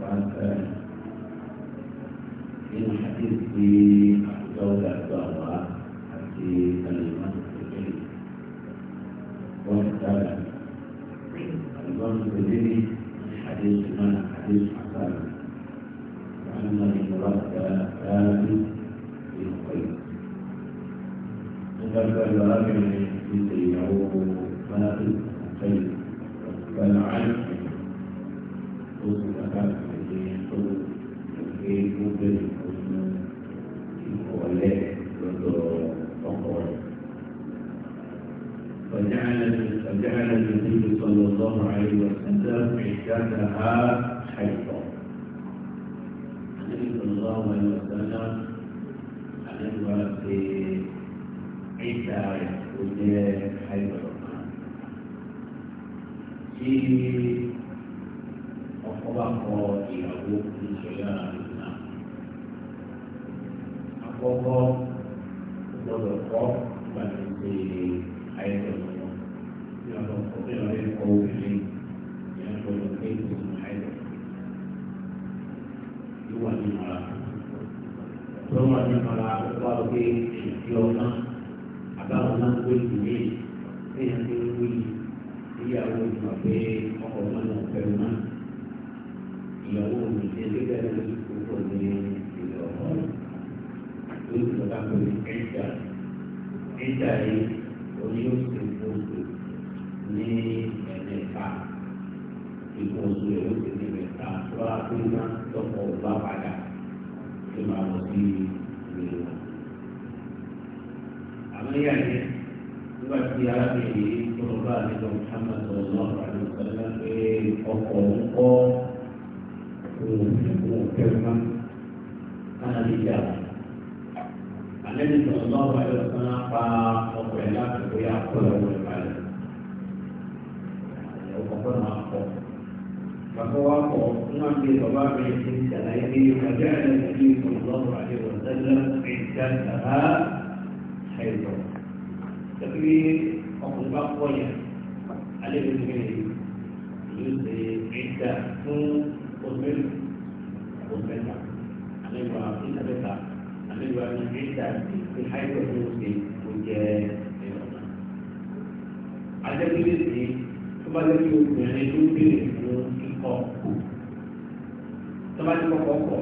وأنت في الحديث في دولة الدعوة في كلمة pé ìta rẹ̀ ó jẹ́ àìbọ̀rọ̀ Tí ọkọ bá kọ ìyàwó ìṣẹ̀lẹ̀ àlùfáà. Àkọ́kọ́ gbọ́dọ̀ kọ́ ìgbà tó ṣe àìbọ̀rọ̀ kan. Bí ọkọ̀ bí ọ̀rẹ́ kọ́ pé náà lọ́pọ̀ bá padà tó máa lọ sí ìlú. àmọ́ yà ni nígbà tí arábìnrin yìí tó lọ bá àlejò Muhammad sallallahu alaihi wasallam pé ọkọ̀ ń kọ́ òun òun kẹrin máa kánà lè jà. àlejò sallallahu alaihi wasallam pa ọkọ̀ ẹ̀ láti bóyá akọ́lẹ̀ wọlé balẹ̀. ọkọ̀ náà kọ́. bàbá wa. عثمان بن رباح بن سليم فجعل النبي صلى الله عليه وسلم عدتها حيضا تقريب أطلق وجه عليه بن يزري عدة فن قبل قبل عليه وعطينا بتا عليه وعطينا عدة في حيض المسلم وجاء عدد يزري bá lè obìnrin ló béèrè fún kíkọ tọ́ba ti kọ́kọ́ kọ̀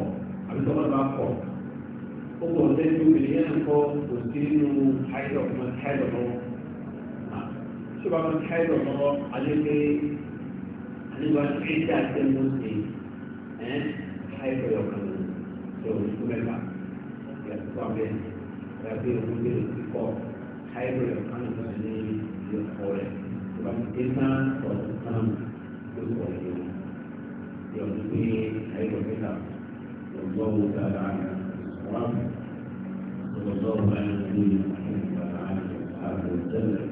àbí tọ́ba bá kọ̀ ó kọ̀ lẹ́yìn obìnrin yẹn kọ́ kò sí nínú káyọ̀ ọmọ káyọ̀ lọ́wọ́ tí wọ́n máa káyọ̀ lọ́wọ́ alẹ́gbẹ́ alẹ́gbẹ́ ẹ̀dá tẹ́lẹ̀ ṣe ẹ̀ káyọ̀ yọ̀ kan lọ sí mẹ́fà yàtọ̀ abẹ́ yàtọ̀ ìwúlẹ̀ kíkọ káyọ̀ yọ̀ kan lọ sí ilé ọkọ rẹ̀. Pakistan or ló sọ yìí o. Yọ̀ ní pé ayọ̀ níta wo dára wà lọ́gbọ́ wo wo ayọ̀ níta lọ́gbọ́ wo wo ayọ̀ níta lọ́gbọ́ wo wo ayọ̀ níta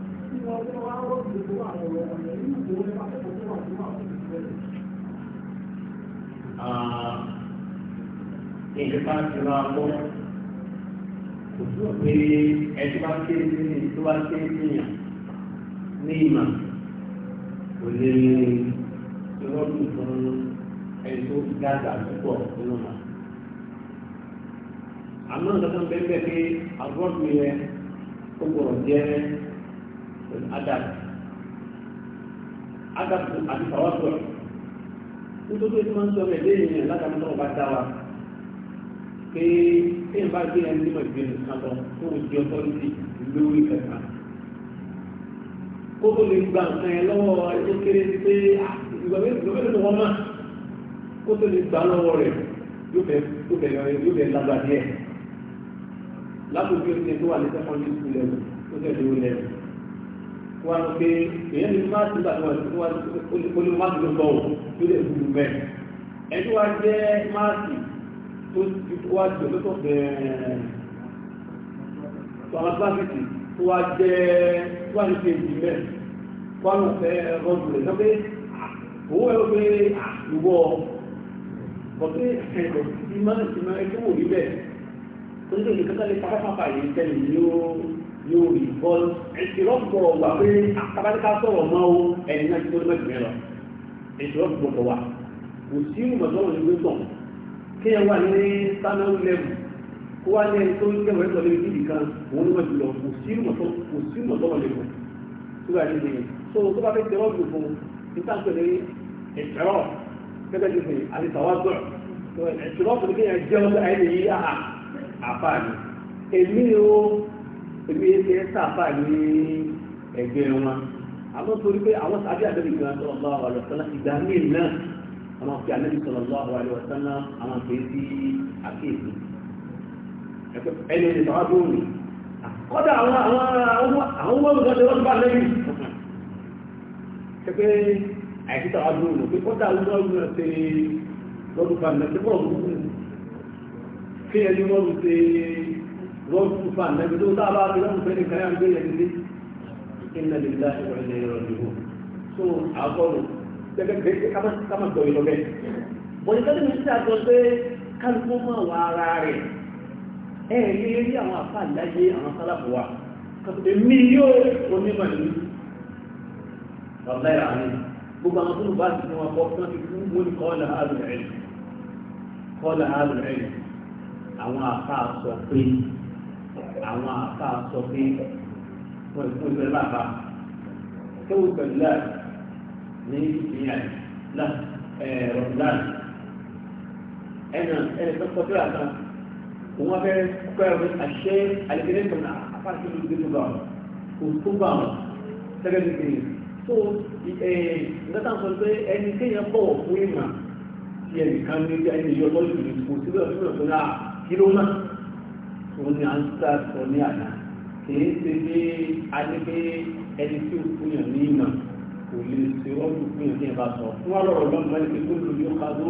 ọ bá ti ra bọ́ kò sí pé ẹni bá ké sí ní tó bá ké sí yàn ní ìmọ̀ kò lè rọ́ọ̀dù fún ẹni tó dàgbà púpọ̀ nínú mọ̀. àmọ́ pẹ̀lú adam adam àti fàwọ́sọ̀ nítorí tí wọ́n ń sọ bẹ́ẹ̀ lẹ́yìn yẹn látàrí tó bá dá wa pé ẹ̀yìn bá gbé ẹni nímọ̀ ìgbé nìkan lọ tó ń di ọtọ́rìtì lórí kẹta kó tó lè gba nǹkan yẹn lọ́wọ́ ẹjọ́ kéré ti pé ìgbà mélòó ni wọ́n mọ̀ kó tó lè gba lọ́wọ́ rẹ̀ yóò bẹ̀ lágbàdìẹ̀ lápò bí o ti tó wà ní sẹ́kọ̀ndì skul lẹ́nu tó tẹ̀lé o lẹ́nu wọ́n á sọ pé èyàn ní máa ti gbà tó wà olú máa ti ló sọ òun tó lè gbùdù mẹ́ ẹni wá jẹ́ máàkì tó ti wá jù lọ́tọ̀ bẹ̀rẹ̀ tó àwọn fásitì tó wá jẹ́ tó wà ní kejì mẹ́ wọ́n á fẹ́ rọ́ọ̀dù rẹ̀ sọ pé ẹ̀rọ pé ìwọ ọ̀pẹ́ ẹ̀kọ́ ti máa ti máa ẹgbẹ́ wò rí bẹ́ẹ̀ tó ń tẹ̀lé kátàlẹ́ pápá yìí tẹ̀lé yóò yóò rí bọ́ọ̀lù ìṣirọ́pọ̀ wà pé akábáríká sọ̀rọ̀ mọ́ o ẹni náà ti tó lọ́mọ ìgbìmọ̀ lọ ìṣirọ́pọ̀ wà kò sí ìmọ̀sọ́rọ̀ ìwé tàn kí ẹ wà ní sanáwó lẹ́wù kó wá ní ẹni tó ń kẹwàá ìtọ́lé ìdílì kan òun ló wà jùlọ kò sí ìmọ̀sọ́rọ̀ lẹ́wù tó bá dé so tó bá fẹ́ tẹ́wọ́ gbogbo níta pẹ̀lú ìṣẹ̀rọ̀ gẹ́gẹ́ bí fún àti tàwádọ́ ìṣẹ̀rọ̀ pẹ̀lú kí ẹ jẹ́ ebi ṣe ń sàfà ní ẹgbẹ́ wọn àmọ́ torí pé àwọn sábẹ́ àdébí gan sallallahu alaihi wasallam ìgbà míì náà àwọn fi àdébí sallallahu alaihi wasallam àwọn fi ń di àkéèké ẹni ẹni bàbá tó rìn kọ́dà àwọn àwọn ọmọ ọmọ ọmọ ọmọ lẹ́yìn pẹ́pẹ́ àìsíta ọdún òun pé kọ́dà àwọn ọmọ ọmọ ṣe lọ́dún bá lẹ́yìn pẹ́pẹ́ ọ̀rùn fún ẹni wọ́n ṣe wọ́n fún fa nàbí tó tá a bá fi lọ́nà fẹ́ ní kẹrẹ́ àgbé yẹn níbi iná lè dá ìwà ilẹ̀ ìrọ̀ ìdìbò tó àgọ́rù gẹ́gẹ́ kámá gbọ́ ìlọ bẹ́ẹ̀. bọ̀dé kẹ́lẹ́ mi ti àgọ́ pé kálukú máa wà ara rẹ̀ ẹ̀ ni àwọn àká sọ pé wọ́n ti fún ìpẹ́lẹ́ bàbá kéwù pẹ̀lú náà ní ìpínyà náà rọ̀dán ẹ̀nà ẹ̀rẹ̀ tó kọjú àtàn òun abẹ́ kọ́ ẹ̀rọ àṣẹ àlẹ́gẹ́rẹ́ tó náà apáṣẹ ló dé tó bá wọn kò tó bá wọn gẹ́gẹ́ bí kìíní tó ìgbàtà sọ pé ẹni kéèyàn bọ̀wọ̀ fún ìmọ̀ tí ẹnìkan ní ẹni yọ lọ́yìn kò síbẹ̀ fún òun ni à ń sá sọ ní àná kìí ṣe pé a ní pé ẹni tí ó fún yàn ní ìmọ̀ kò lè ṣe ọdún fún yàn ní ẹ̀ bá sọ fún wa lọ́rọ̀ lọ́nà ẹni pé kó lò ní ọ̀ka tó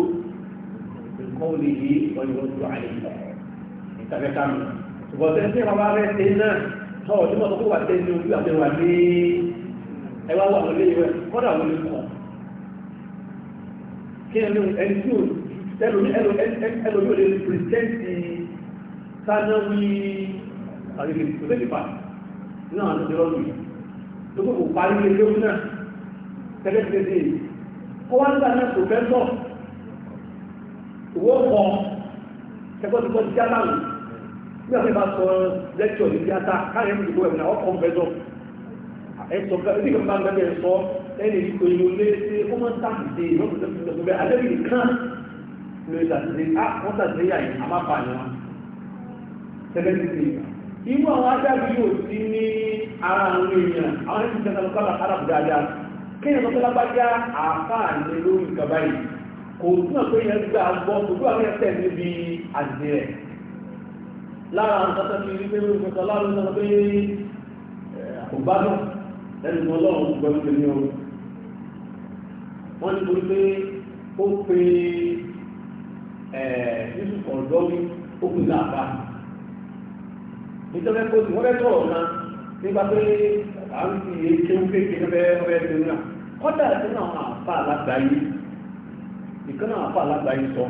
nǹkan ò lè yí ọ̀yọ́ ọdún àyè ìtàkẹ́ kánú ṣùgbọ́n tẹ́ ń tẹ́ bàbá rẹ̀ ṣe náà tọ́ ọdún mọ́tò kó wà tẹ́ ní ojú àtẹwà ní ẹwà wà lórí ìwẹ̀ kọ́dà wọlé kọ́ kí ẹni tí ó ẹlòmí ò lè pìrìsẹ́ǹtì sánáwí àdìgbè ìpínlẹ̀lẹ̀pà náà àti ìrọ́lù lókò kò parí ilé ewu náà tẹ́lẹ̀ tẹ́lẹ̀ tẹ́lẹ̀ kó wá nígbà náà kò fẹ́ sọ owó kọ ẹgbẹ́ tó kọ́ ti jábà nù bí wọ́n fi bá sọ lẹ́kítọ̀ ní tíátà káyọ̀ ní ìdìbò ẹ̀mìnà ọkọ̀ fẹ́ sọ ẹ̀sọ̀ bí kò bá ń bẹ́ẹ̀ sọ ẹni ìkò ìlú lé sí ó mọ́ sáàtìdé ìrọ́pùtẹ́sì sẹ́lẹ̀tìtì irú àwọn adájú yóò sí ní ara àwọn èèyàn àwọn ẹni tẹ́ta lọ́kọ́lá arab dáadáa kí ni lọ́kọ́lá bá já àáfàá ní lórí ìkàbá yìí kò túnà pé yẹn gbà gbọ́ kò tó àwọn ẹsẹ̀ níbi àdìdì rẹ̀ lára àwọn tọ́tọ́ ti rí pé ó ń sọ láàrín náà pé àkùbádùn lẹ́nu ọlọ́run gbọ́dọ̀ pé ní ọrùn wọ́n ti torí pé ó pe ẹ̀ẹ́dísùkọ̀ọ́dọ́mí ó pe láàbá nítorí kó tí wọ́n fẹ́ tọ̀rọ̀ náà nígbà pé à ń tó ń kí ọbẹ̀ ọbẹ̀ tó ń kọ́dà tí náà àfa alágbàáyé ìkan náà àfa alágbàáyé sọ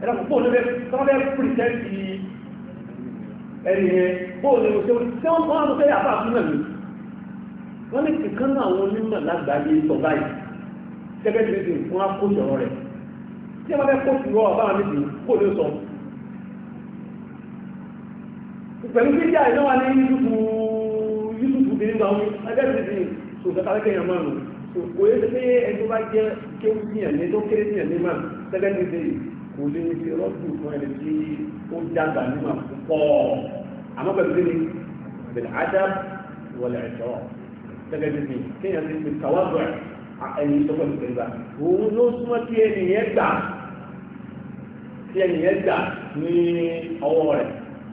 ẹ̀rọ púpọ̀ ló tọ́ fẹ́ pìrìtẹ́ǹtì ẹni bóòlù ní oṣooṣù tí wọ́n máa ń fẹ́ àfa àfúnà mi wọ́n ní ìkan náà àwọn onímọ̀ lágbàáyé sọ báyìí gẹ́gẹ́ pẹ̀lú fídíà iná wà ní yútùbù bí nígbà wọn ẹgbẹ́sì sí so kẹtàlẹ́ kẹyàn máa nù so kò yẹ ṣe pé ẹni tó bá jẹ́ kéwù síyàn ní tó kéré síyàn ní máa sẹ́gẹ́ndì sí kò lè fi rọ́ọ̀dù fún ẹni tí ó jágbà ní máa pọ̀ àmọ́ pẹ̀lú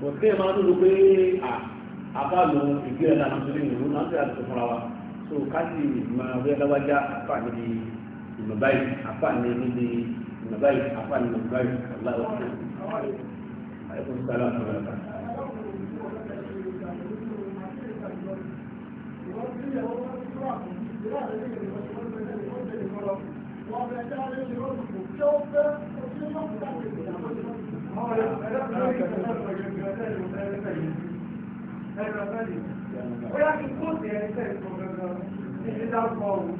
kò sí ẹ̀ máa ń lò pé àbálò ìgbéra náà tó lè lò náà tó yà tó wa so káàdì ìmọ̀ ọ̀rẹ́ lọ́wọ́já àfà di ìmọ̀ báyìí àfà di ìmọ̀ báyìí àfà níbi ìmọ̀ báyìí aláwọ̀ ẹ̀kọ́ Thank you ó yá kí kó ti dárúkọ ọ̀hún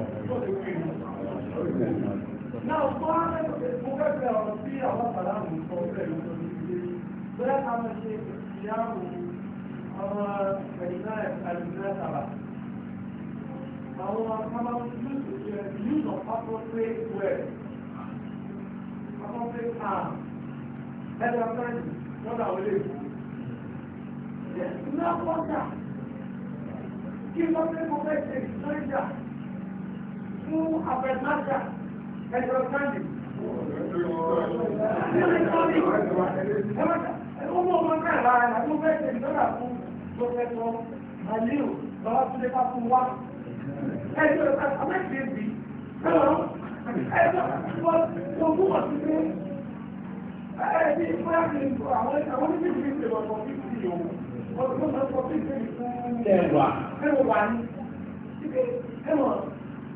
bẹ́ẹ̀ náà tó á lẹ́nu mo fẹ́ fẹ́ ọ̀rọ̀ sí àwọn bàbá mi sọ bẹ́ẹ̀ ló ń ṣe bóyá ká máa ṣe ìyáàwó ọmọ ẹ̀yìnlá ẹ̀yìnlá sábà àwọn akábáwọ̀sí use of appropriate word appropriate term ẹ̀dá fẹ́ẹ̀sì lọ́dà wọlé ìgbà pọ́ńtà kí lọ́pẹ́ mo fẹ́ ṣe ìtọ́jà fún abẹ́nájà ọmọ ọmọ náà lára ẹ̀ tó fẹ́ ṣe ìdọ́là fún lọ́fẹ́tọ́ màlíù lọ́wọ́ tó lé bá fún wa ẹjọ́ amẹ́sì èbì ẹ̀rọ ẹjọ́ wọ́n fún wọ́n sí pé ẹ̀ẹ́dì fúnra kì í kọ àwọn àwọn oníṣẹ́ ìdílé ṣe lọ fọ́ fífi o wọ́n fún wọn fọ́ fífi fún ẹ̀wà ẹ̀wà ni ẹ̀wọ̀n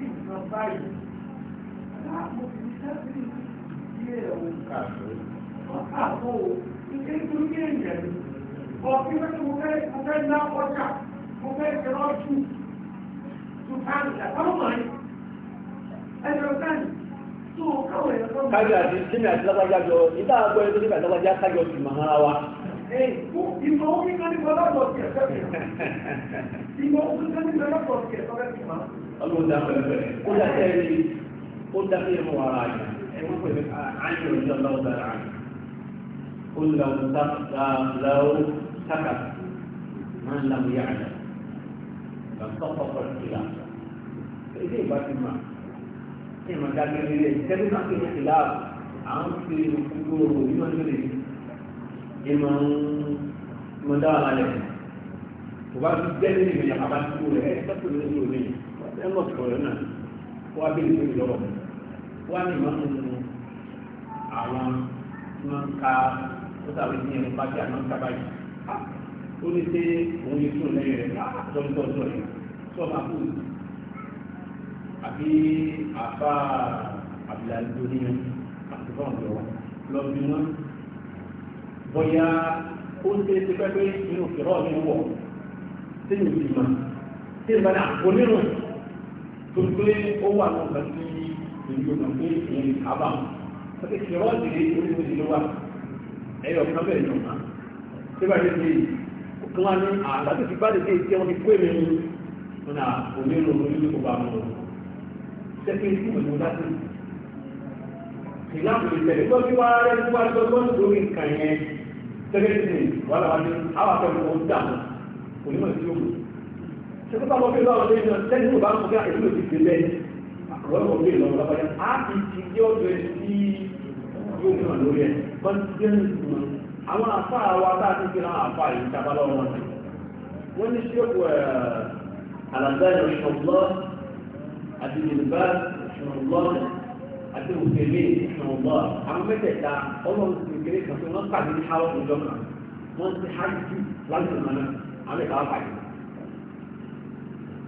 sí nǹkan báyìí ní sábìrì ìdílé ẹ̀wọ̀n àpò ilé ìdúgbé èèyàn ni ọ̀kí mẹ́tò mo fẹ́ mo fẹ́ ná ọjà mo fẹ́ jẹ́rọ́ jù tó káàdì àtọ́mọ̀ yìí ẹ̀jọ̀ káàdì tó káwọn èèyàn tó. kájọ àti kíni àti ọlọ́run dá pẹ̀lẹ́pẹ̀lẹ́ ó dá tẹ́lẹ̀ ó dá sí ẹ̀mọ́ ara rẹ̀ ẹ̀wọ́n pẹ̀lú ah, àyè ọjọ́ lọ́wọ́ dára rẹ̀ ó lọ́wọ́ sákà máa ń lamu yá àjà lọ́sọ̀kọ̀ pẹ̀lú ìlà ilé ìbá ti mà ní ìmọ̀ dákẹ́ nílé tẹ́lú náà kéde ìlà àwọn ti gbogbo ìmọ̀ nílé ìmọ̀ ìmọ̀ dáwà lálẹ́ kò bá ti gbẹ́ nílé ìmọ̀ yàrá bá ti kú rẹ̀ ẹ̀ ẹmọ sọ̀rọ̀ náà wá bí ìlú ìlọ́wọ́ wá ní ìmọ̀ nínú àwọn tí wọ́n ń ka ó sàbí ní ẹnu bá tí a máa ń sábà yìí ó ní pé òun lè tún lẹ́yìn rẹ̀ lọ́dọọdọ yìí tó máa kú àbí àbá àbìlàdó ní àti bọ́ọ̀n lọ́wọ́ lọ bí wọ́n bọ́yá ó ń ṣe é inú fìrọ́ọ̀ wọ̀ sínú ìgbìmọ̀ sínú ìgbàlá oníròyìn. tó gbé ó wà ní ọ̀gá sí ìlú ọ̀gá pé ìyẹn ní kábà wọ́n ti fi rọ́ọ̀dì rí oríṣiríṣi ló wà ẹ̀yọ̀ bẹ̀rẹ̀ ní ọ̀gá tí kí ní tó ti bá dé tí wọ́n ti kó èmi ní wọn à òní ló ló ní kó bá mọ̀ ọ́ sẹ́kẹ́ ìlú ìlú láti ṣẹ́kọ́ bá wọ́n bí lọ́wọ́ lé náà tẹ́lẹ̀ tó bá ń fún yá ìlú òsì gbélé àkọ́wọ́ bí lọ́wọ́ lọ́wọ́ á ti ti yé ọ̀dọ̀ ẹ̀ sí yóò fún àlórí ẹ̀ kọ́ńtíjẹ́nì ìgbìmọ̀ àwọn afá wa tá a ti fi náà afá yìí sábà lọ́wọ́ wọn sí wọ́n ní ṣẹ́kù alàgbẹ́rẹ̀ àti yorùbá ìṣọ̀lọ́ àwọn mẹ́tẹ̀ẹ̀ta ọlọ́run ti kan tí wọ́n pàdé ní hàwọ́ ìjọ kan wọ́n ti hàjú láti ìmọ̀nà àwọn ìbáwá pàdé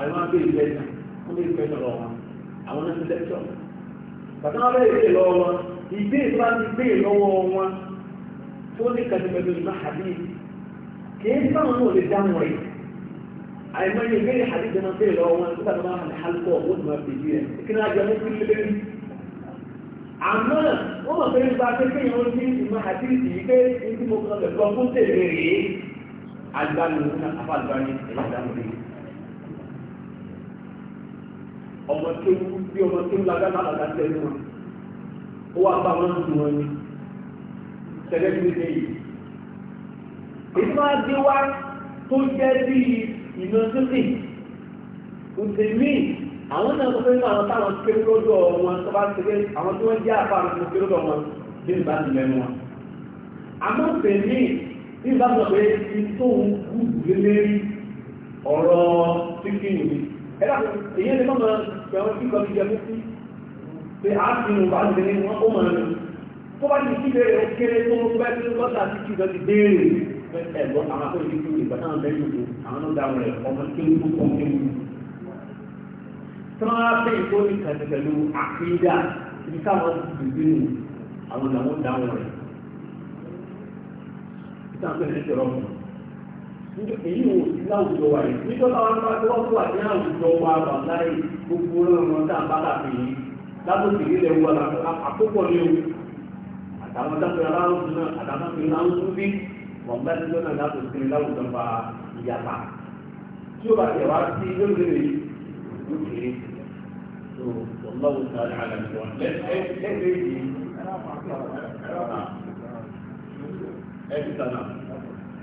àwọn abẹ́ ìlẹ̀ wọ́n lè fẹ́ lọ́wọ́ wọn àwọn náà ti lẹ́tọ̀. bàtà wọn bẹ́ẹ̀ ìbéèrè lọ́wọ́ wọn ìbéèrè bá ti béèrè lọ́wọ́ wọn tó ní kàtìmẹ́tò ìmọ̀ àbí kìí sáwọn náà lè dáhùn rẹ̀ àìmọ́ ní ìbéèrè àbí jẹ́ máa béèrè lọ́wọ́ wọn nígbà tó bá hàn hálùkọ́ ó ti máa bèbí rẹ̀ kí náà jẹ́ mọ́tò àmọ́ wọ́n mọ̀ pé nípa akẹ́kẹ́ yẹn ó ní ìmọ̀ àbí ìgbé ní tí mo kọ́ lẹ̀ ọmọ kéwú bí ọmọ kéwú lágbàtà àgbà tẹ̀lé wọn ó wà bá wọn dùn wọn ni tẹ̀lé ní ilé yìí. ìfún adéwá tó jẹ́ bí ìná sísè òtẹ̀mí àwọn náà fẹ́ fún àwọn táwọn kéwú lọ́dọ̀ wọn tó bá tẹ̀lé àwọn tí wọ́n jẹ́ àfa àwọn tó kéwú lọ́dọ̀ wọn bí ìbá ti mẹ́nu wọn. àmọ́ tẹ̀mí bí ìbá sọ pé ìtòun gùn lélẹ́rí ọ̀rọ̀ síkìnnì ẹ̀dá èyí lè ìyàwó tí kọ́ ìjọ mú pé a ti nù bá ti ní wọ́n ó mọ̀ ní tó bá ti kíbe rẹ̀ kéré tó ń bẹ́ tí lọ́tà ti kí ti déèrè ẹ̀gbọ́ àwọn akọ́ ìdí ìgbà náà bẹ́ẹ̀ yòókù àwọn náà rẹ̀ ọmọ tí ó kọ́ ní wù. tọ́lá bẹ́ẹ̀ tó ní kàtẹ́ pẹ̀lú àkídà ní káwọn dùdú nù àwọn làwọn rẹ̀ èyí wò láwùjọ wa yìí nítorí àwọn ọmọ tó wọ́n tó wà ní àwùjọ wa wà láyé gbogbo ọmọ tá a bá dàbí yìí lábòsí nílẹ̀ wọ àkókò ní o àtàwọn dákẹ́ aláwùjọ náà àtàwọn tó náà ń tún bí wọ́n bá ti lọ́nà lábòsí ní láwùjọ wa ìyàpá tí ó bá tẹ̀ wá sí lóde rẹ̀ ló kéré tó ọlọ́wọ́ sáré àlẹ́ wọn lẹ́ẹ̀ẹ́ lẹ́ẹ̀ẹ́ yìí ẹ̀ẹ́dì sànà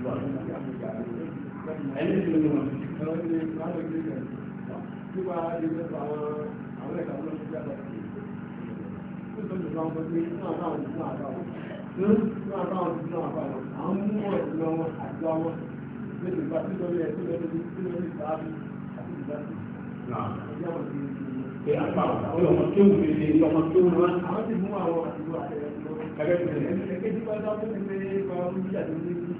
ẹni àwọn àwọn tí lórí ń bí ọmọ tó wù mí ní àwọn ti mú àwọn àdúgbò àtẹ̀yẹ lọ. kàkẹ́ tó lè. ẹni kẹ́kẹ́ tí wọ́n dá fún mi pé wọ́n ń bí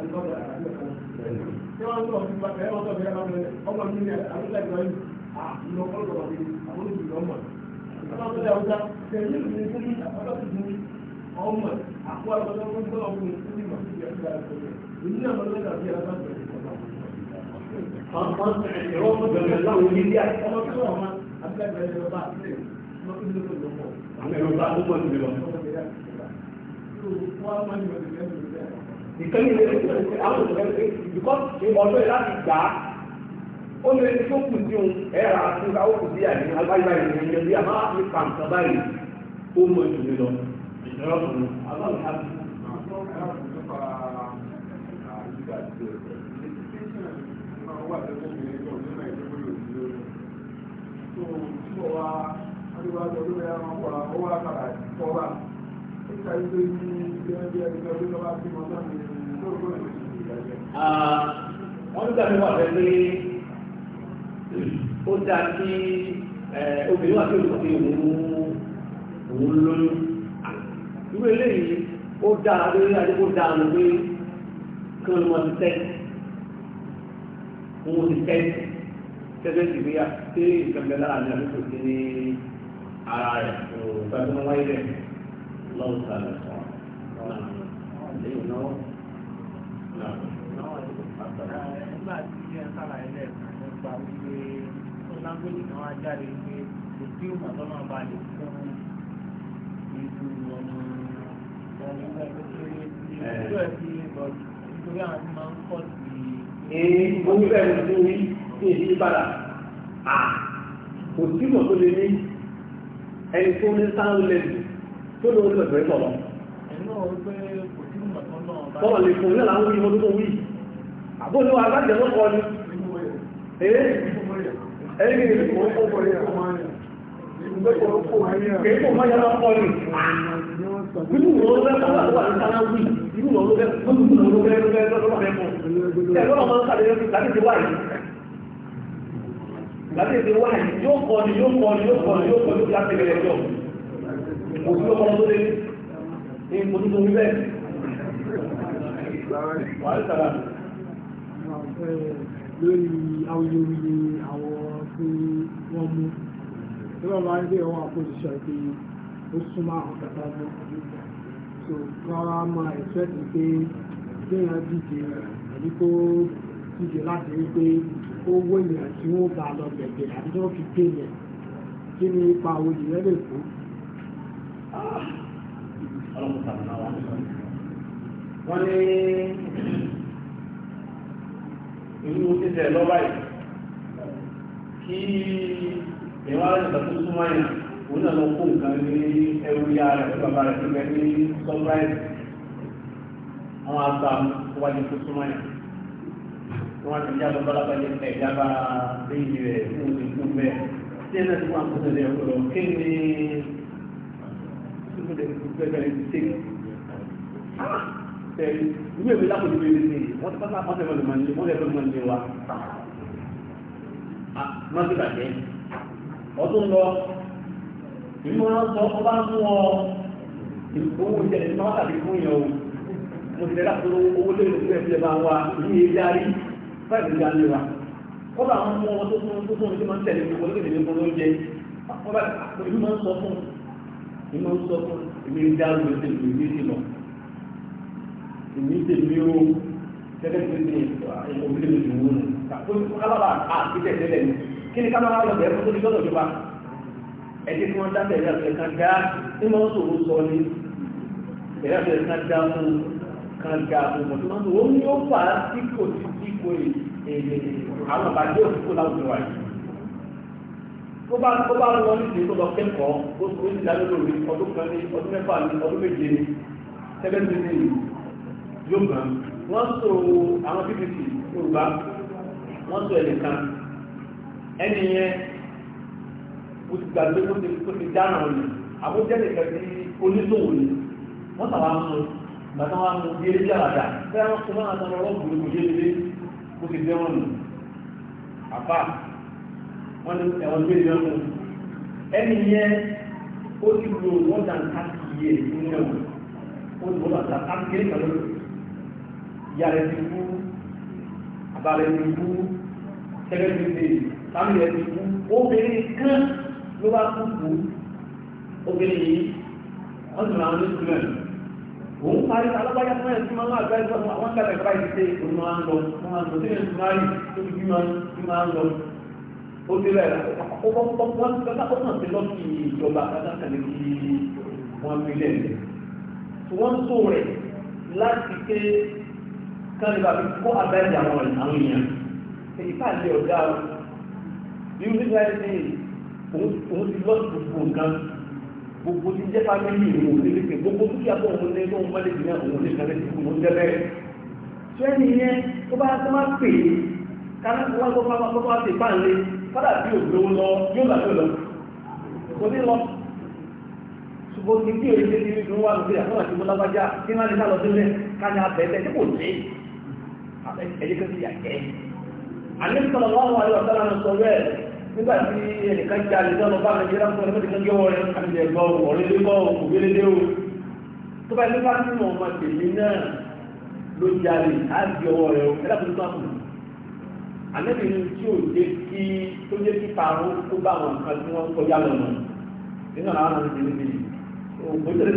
ẹgbọ́dọ̀ àti ẹ̀kọ́. Ṣé wọ́n sọ fún bàtà ẹ̀rọ sọ̀rọ̀ ẹ̀rọ rẹ̀ ọmọ mi ní àbújá ìgbà yìí àbújá ọlọ́dọ̀ wà ní àwọn olùdó ọmọ. Ọmọ mi ní àbújá tẹ̀lé mi ní fún ọlọ́dún mi ọmọ àpò àlọ́dọ̀ fún bọ́lá fún mi ní Àwọn ẹ̀rọ bá gbogbo ọdún lọ. Wọ́n á máa ń yọ̀ ọ́ ìkànnì ilé ìgbésẹ̀ àwọn ìgbésẹ̀ because ọ̀dọ́ yìí láti gbà á ó lè ní tó kù sí òun ẹ̀rọ àti ìgbà ó kù sí àyè agbáyé báyìí ní ẹ̀yẹ bí a máa fi pa báyìí ó mọ ìdílé lọ ìjọba tó lọ aláwọ̀ ká bí. Tó ń bọ̀ wá, wọ́n ti wá sọ pé wọ́n wá padà kọ́ wá. Ah, wọ́n nígbà mi wà pẹ̀lú ó dá sí eh, obìnrin wà tí ó ti òun lóyún irú eléyìí ó dá lórí adébó dá lọ pé kí wọ́n mọ̀ ti tẹ́ òun ti tẹ́ tẹ́lẹ̀ sì rí àti ìgbàgbẹ́ lára ní àdúgbò sí ní ara rẹ̀ tó gbàgbọ́n wáyé rẹ̀ lọ́wọ́ sáré sọ lẹ́yìn náà náà nígbà tí ẹ sára ẹ lẹ́ẹ̀kan nípa wípé tó lágbèjì kan wá jáde pé kò sí òmà tó náà bá lè fún ìlú ọmọ ọmọ ẹgbẹ́ tó ló ń lọ sọ̀rọ̀. Sọ̀rọ̀ lè fún náà láwọn ìmọ̀ tó wí. Àbó ní alájẹ ló kọ́ kọ́ ni. Nínú ìwọ̀n ló fẹ́ kọ́ wà ní sáná wí. Nínú ìwọ̀n ló fẹ́ kọ́ ní ìwọ̀n ló fẹ́ lọ́dọ̀ fẹ́ kọ́. Ẹ̀rọ ní torí bẹ́ẹ̀. lórí awuyewuye àwọn tí wọ́n mú tí wọ́n máa ń gbé wọn àpòjìṣọ́ pé ó súnmọ́ àwọn kàtà mọ́ so káwá máa ẹ̀fẹ́ ti pé gbéyàn dìde àbí kó dìde láti rí pé ó wó ènìyàn tí wọ́n bá lọ gbẹ̀gbẹ̀ àbí tí wọ́n fi gbé yẹn kí ni ipa olùyẹ́ lè kú ọlọ́pàá náà wà. wọ́n ní ìlú títẹ̀ lọ́ba yìí kí ìwà rẹ̀ tàbí súnmọ́ yìí òun náà lọ kó nǹkan ní ẹrú yá rẹ̀ fún bàbá rẹ̀ tó bẹ ní sọ́práìsì àwọn àgbà wájú tó súnmọ́ yìí wọ́n ti jábọ̀ balabalẹ̀ ẹ̀ jábà léyìí rẹ̀ fún òṣèlú bẹ́ẹ̀ tí ẹ̀ náà ti wọ́n àkóso rẹ̀ kúrò kí so that you can get any mistake. Ṣé ìwé ìwé lápòjú bẹ́ẹ̀ ní wọ́n ti pátá wọ́n ní wọ́n tẹ̀wọ́n Máa ti bàjẹ́. Ọdún lọ, ìmọ̀ sọ ọba mú ọ owó ìṣẹ̀lẹ̀ tí wọ́n tàbí fún yẹn o. Mo ti lẹ́la fún owó lórí ìṣẹ̀lẹ̀ tí ẹ bá wa ní ilé ayé fáìlì ìjà lé wa. Kọ́lá àwọn ọmọ tó tún tó tún ní ti máa ń tẹ̀lé ìwọlé ìdílé fún lóúnjẹ. Wọ́n bá ìlú máa ń sọ fún un ni mo ń sọ fún èmi ń dá lóde tèmi ní ti lọ èmi tèmi ó tẹ́lẹ̀ tó ní ìmọ̀bílẹ̀ mi lòun nù kálábà àti tẹ̀tẹ̀lẹ̀ ni kí ni kálábà lọ bẹ̀rẹ̀ fún tó ní lọ́dọ̀ ìjọba ẹ̀jẹ̀ tí wọ́n dá tẹ̀lé àti ẹ̀ka dá ní ń sọ sọ ni tẹ̀lé àti ẹ̀ka dá fún kan ga àbùmọ̀ tó máa ń sọ òun ni ó fà á sí kò sí kò èyí tó bá tó bá lọ ní ìdílé tó lọ kẹ́kọ̀ọ́ ó tó ń dalẹ́ lórí ọdún kan ní ọdún mẹ́fà ní ọdún méje ní sẹ́gẹ́ndì ní yóò gbọ́n wọ́n so àwọn bbc yorùbá wọ́n so ẹnìkan ẹni yẹn mo ti gbàgbé mo ti mo ti dáná ọ̀nà àbójẹ́ nìkan ní oníṣòwò ni wọ́n sàrà mú bàtà wọn mú bí eléjì àràdà fẹ́ràn kó máa tán lọ́wọ́ gbòógbò yé lé mo ti dẹ́wọ̀n nù àbá wọ́n ní ẹ̀wọ̀n tó yẹ lọ́wọ́ ẹni yẹn ó ti lo wọ́n dà ń káàkiri yẹ nínú ẹ̀wọ̀n ó ti wọ́n dà káàkiri kan lọ́wọ́ ìyá rẹ̀ ti kú àbá rẹ̀ ti kú sẹ́gẹ́ ti dé sámi rẹ̀ ti kú obìnrin kan ló bá kú kú obìnrin yìí wọ́n ti rà wọn ní sùmẹ̀ òun parí alábáyá fún ẹ̀sìn máa ń àgbá ẹ̀sọ́ àwọn akẹ́kọ̀ọ́ ìfẹ́ ìfẹ́ ìfẹ́ ìfẹ́ ìfẹ́ ìfẹ́ ìfẹ́ ìfẹ́ ìfẹ́ ìfẹ́ ìfẹ́ ó ti rẹ̀ àkọ́kọ́ wọ́n kọ́kọ́ náà ti lọ sí ìjọba àtàkàlẹ̀ kí wọ́n fi lẹ̀ lẹ̀. wọ́n tó rẹ̀ láti pé kánibà fi kó abẹ́rẹ́ àwọn àwọn èèyàn èyí káàdé ọ̀gá bí wọ́n ti rẹ̀ sí òun ti lọ sí gbogbo nǹkan gbogbo ti jẹ́ fámìlì ìwò onílẹ̀kẹ̀ gbogbo dúkìá tó òun ní tó ń mọ́lẹ̀ jù náà òun ní kàlẹ́ ti kú òun jẹ́ bẹ́ẹ̀. tí wọ́n ní yẹn tó bá tó máa pè é kálẹ́kùn wọn tó pápá tó bá ti bá ń lé kọ́dà tí ò lówó lọ yóò gbà tó lọ kò ní lọ ṣùgbọ́n kí kí oríṣi ti rí wà lókè àwọn àti mo lágbájá kí má ní sálọ sílẹ̀ ká ní abẹ́ẹ̀tẹ̀ tí kò lé ẹ̀jẹ̀ kan ti yà jẹ́ àní sọ̀rọ̀ wọn wà lọ sára sọ bẹ́ẹ̀ nígbà tí ẹnìkan já lè sọ̀rọ̀ bá mi jẹ́rà fún ẹnìkan jẹ́ wọ́n rẹ̀ àti ẹ̀gbọ́ àlẹ́bí ni tí ò jẹ́ kí tó jẹ́ kí parun kó bá àwọn nǹkan tí wọ́n kọjá lọ nù nínú àwọn àwọn ìdílé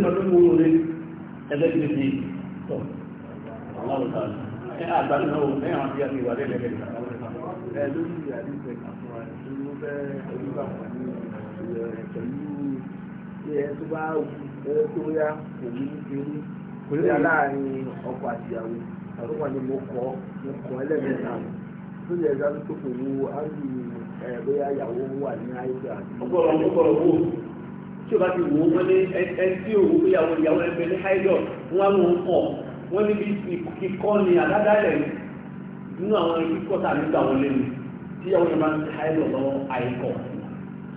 òkú tó ti tọ̀ ẹ náà ẹ àwọn tó tó bá tó yá ewu ni tó yẹ ká tó kò wo áyù ẹ̀ẹ́dẹ́yà ìyàwó wà ní àyíká. ọgbọ́n ọgbọ́n wo tí o bá ti wò ó wọ́n ní ẹtí òwò ìyàwó ìyàwó ẹgbẹ́ ní haidọ̀ wọ́n á mú un kọ̀ wọ́n níbi kíkọ́ ni àdádálẹ̀ nínú àwọn kíkọ́ tà nígbà wọn lẹ́nu tí ìyàwó yẹn máa ń ti haidọ̀ lọ́wọ́ àìkọ̀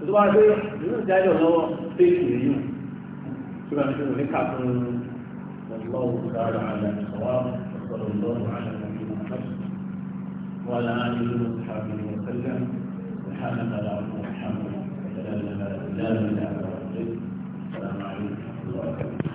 tó bá gbé nínú ti haidọ̀ lọ́wọ́ fèsì èyí tí o bá ti wò ní kàkún ọlọ́wọ́ dáadáa àlẹ́ ìṣọ̀wá ọ̀sọ̀rọ̀ lọ́wọ́ àlẹ́ وعلى آله وصحبه وسلم سبحانك اللهم وبحمدك لا إله إلا أنت السلام عليكم ورحمة الله وبركاته